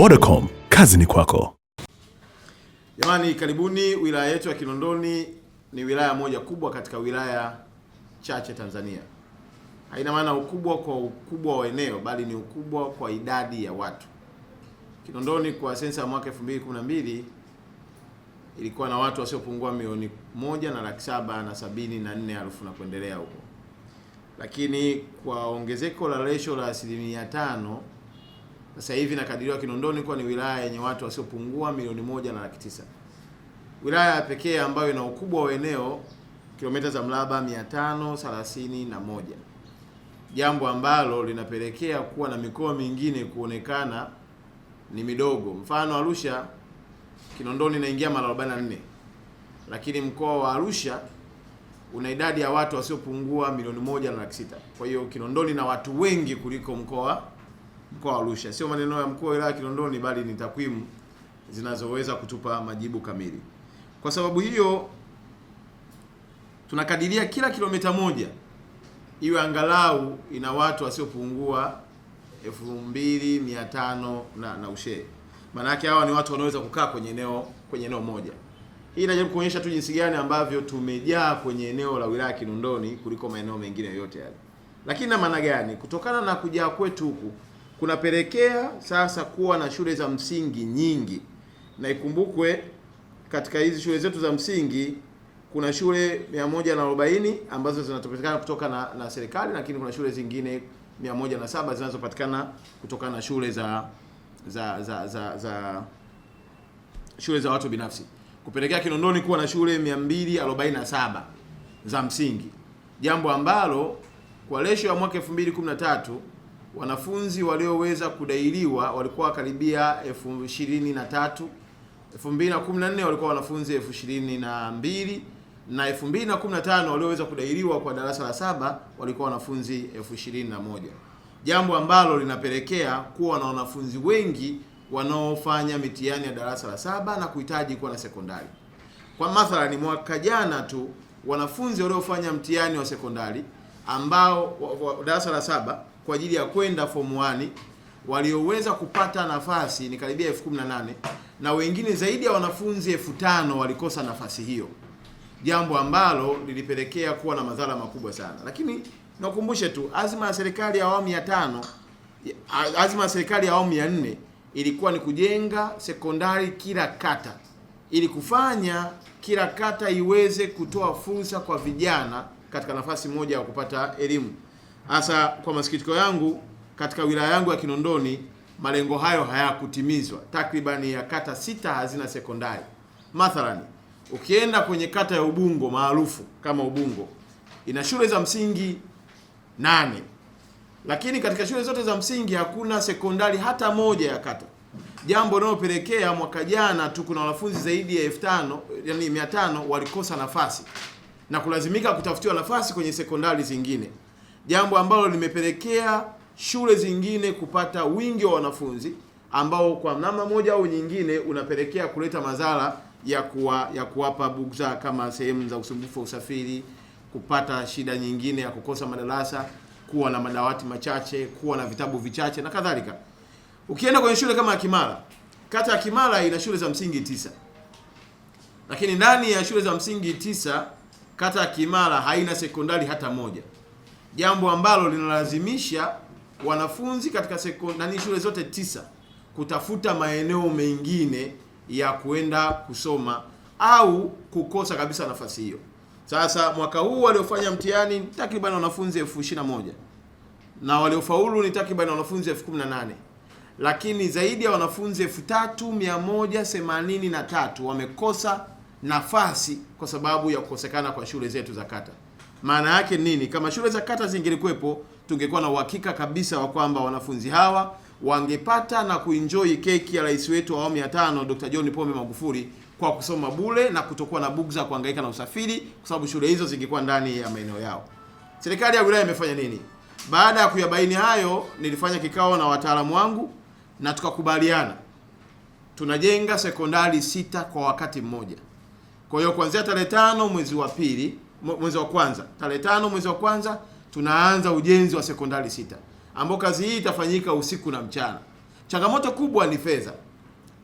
Vodacom, kazi ni kwako. Jamani, karibuni. Wilaya yetu ya Kinondoni ni wilaya moja kubwa katika wilaya chache Tanzania. Haina maana ukubwa kwa ukubwa wa eneo, bali ni ukubwa kwa idadi ya watu. Kinondoni kwa sensa ya mwaka 2012 ilikuwa na watu wasiopungua milioni moja na laki saba na sabini na nne elfu na kuendelea huko, lakini kwa ongezeko la resho la asilimia tano sasa hivi nakadiriwa Kinondoni kuwa ni wilaya yenye watu wasiopungua milioni moja na laki tisa, wilaya pekee ambayo ina ukubwa wa eneo kilomita za mraba 531, jambo ambalo linapelekea kuwa na mikoa mingine kuonekana ni midogo. Mfano, Arusha Kinondoni inaingia mara 44, lakini mkoa wa Arusha una idadi ya watu wasiopungua milioni moja na laki sita. Kwa hiyo Kinondoni na watu wengi kuliko mkoa mkoa wa Arusha. Sio maneno ya mkuu wa wilaya Kinondoni, bali ni takwimu zinazoweza kutupa majibu kamili. Kwa sababu hiyo, tunakadiria kila kilomita moja iwe angalau ina watu wasiopungua elfu mbili mia tano na, na ushee. Maana yake hawa ni watu wanaoweza kukaa kwenye eneo kwenye eneo moja. Hii inajaribu kuonyesha tu jinsi gani ambavyo tumejaa kwenye eneo la wilaya Kinondoni kuliko maeneo mengine yoyote yale. Lakini na maana gani? Kutokana na kujaa kwetu huku kunapelekea sasa kuwa na shule za msingi nyingi, na ikumbukwe katika hizi shule zetu za msingi kuna shule 140 ambazo zinatopatikana kutoka na, na serikali, lakini kuna shule zingine 107 zinazopatikana kutokana na shule za za za za, za shule za watu binafsi kupelekea Kinondoni kuwa na shule 247 za msingi, jambo ambalo kwa lesho ya mwaka 2013 wanafunzi walioweza kudailiwa walikuwa karibia elfu ishirini na tatu. Elfu mbili na kumi na nne walikuwa wanafunzi elfu ishirini na mbili na elfu mbili na kumi na tano walioweza kudailiwa kwa darasa la saba walikuwa wanafunzi elfu ishirini na moja jambo ambalo linapelekea kuwa na wanafunzi wengi wanaofanya mitihani ya darasa la saba na kuhitaji kuwa na sekondari. Kwa mathalani, mwaka jana tu wanafunzi waliofanya mtihani wa sekondari ambao wa, wa, darasa la saba kwa ajili ya kwenda form 1 walioweza kupata nafasi ni karibia elfu kumi na nane na wengine zaidi ya wanafunzi elfu tano walikosa nafasi hiyo, jambo ambalo lilipelekea kuwa na madhara makubwa sana. Lakini nakumbushe tu azima ya serikali ya awamu ya tano, azima ya serikali ya awamu ya nne ilikuwa ni kujenga sekondari kila kata, ili kufanya kila kata iweze kutoa fursa kwa vijana katika nafasi moja ya kupata elimu asa kwa masikitiko yangu, katika wilaya yangu ya Kinondoni malengo hayo hayakutimizwa. Takribani ya kata sita hazina sekondari. Mathalani, ukienda kwenye kata ya Ubungo maarufu kama Ubungo ina shule za msingi nane, lakini katika shule zote za msingi hakuna sekondari hata moja ya kata, jambo linalopelekea mwaka jana tu kuna wanafunzi zaidi ya elfu tano yani mia tano walikosa nafasi na kulazimika kutafutiwa nafasi kwenye sekondari zingine jambo ambalo limepelekea shule zingine kupata wingi wa wanafunzi ambao kwa namna moja au nyingine unapelekea kuleta madhara ya kuwa, ya kuwapa bugza kama sehemu za usumbufu wa usafiri, kupata shida nyingine ya kukosa madarasa, kuwa na madawati machache, kuwa na vitabu vichache na kadhalika. Ukienda kwenye shule kama Kimara, kata ya Kimara ina shule za msingi tisa, lakini ndani ya shule za msingi tisa kata ya Kimara haina sekondari hata moja jambo ambalo linalazimisha wanafunzi katika sekondari shule zote tisa kutafuta maeneo mengine ya kuenda kusoma au kukosa kabisa nafasi hiyo. Sasa mwaka huu waliofanya mtihani takriban wanafunzi elfu ishirini na moja na waliofaulu ni takriban wanafunzi elfu kumi na nane lakini zaidi ya wanafunzi elfu tatu mia moja themanini na tatu wamekosa nafasi kwa sababu ya kukosekana kwa shule zetu za kata. Maana yake nini? Kama shule za kata zingilikuwepo tungekuwa na uhakika kabisa wa kwamba wanafunzi hawa wangepata na kuenjoy keki ya rais wetu wa awamu ya tano Dr. John Pombe Magufuli kwa kusoma bule na kutokuwa na bugza kuhangaika na usafiri, kwa sababu shule hizo zingekuwa ndani ya maeneo yao. Serikali ya wilaya imefanya nini? Baada ya kuyabaini hayo, nilifanya kikao na wataalamu wangu na tukakubaliana tunajenga sekondari sita kwa wakati mmoja. Kwa hiyo kuanzia tarehe tano mwezi wa pili mwezi wa kwanza, tarehe tano mwezi wa kwanza tunaanza ujenzi wa sekondari sita, ambao kazi hii itafanyika usiku na mchana. Changamoto kubwa ni fedha,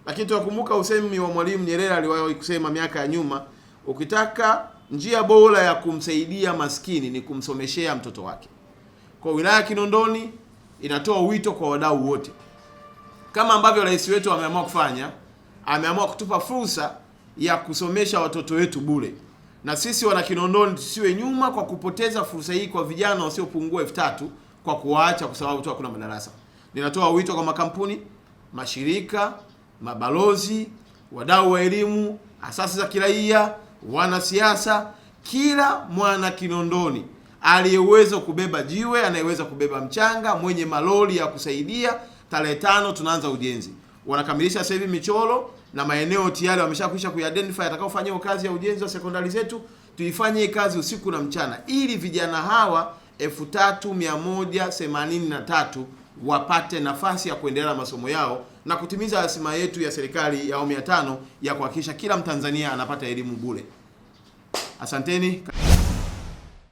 lakini tunakumbuka usemi wa Mwalimu Nyerere aliwahi kusema miaka ya nyuma, ukitaka njia bora ya kumsaidia maskini ni kumsomeshea mtoto wake. Kwa wilaya ya Kinondoni inatoa wito kwa wadau wote, kama ambavyo rais wetu ameamua kufanya, ameamua kutupa fursa ya kusomesha watoto wetu bure na sisi wana Kinondoni tusiwe nyuma kwa kupoteza fursa hii kwa vijana wasiopungua elfu tatu kwa kuwaacha kwa sababu tu hakuna madarasa. Ninatoa wito kwa makampuni, mashirika, mabalozi, wadau wa elimu, asasi za kiraia, wanasiasa, kila mwana Kinondoni aliyeweza kubeba jiwe, anayeweza kubeba mchanga, mwenye malori ya kusaidia. Tarehe tano tunaanza ujenzi wanakamilisha sasa hivi michoro na maeneo tayari wameshakwisha kuidentify atakaofanyia kazi ya ujenzi wa sekondari zetu. Tuifanye kazi usiku na mchana ili vijana hawa 3183 wapate nafasi ya kuendelea na masomo yao na kutimiza azima yetu ya serikali ya awamu ya tano ya kuhakikisha kila Mtanzania anapata elimu bure. Asanteni.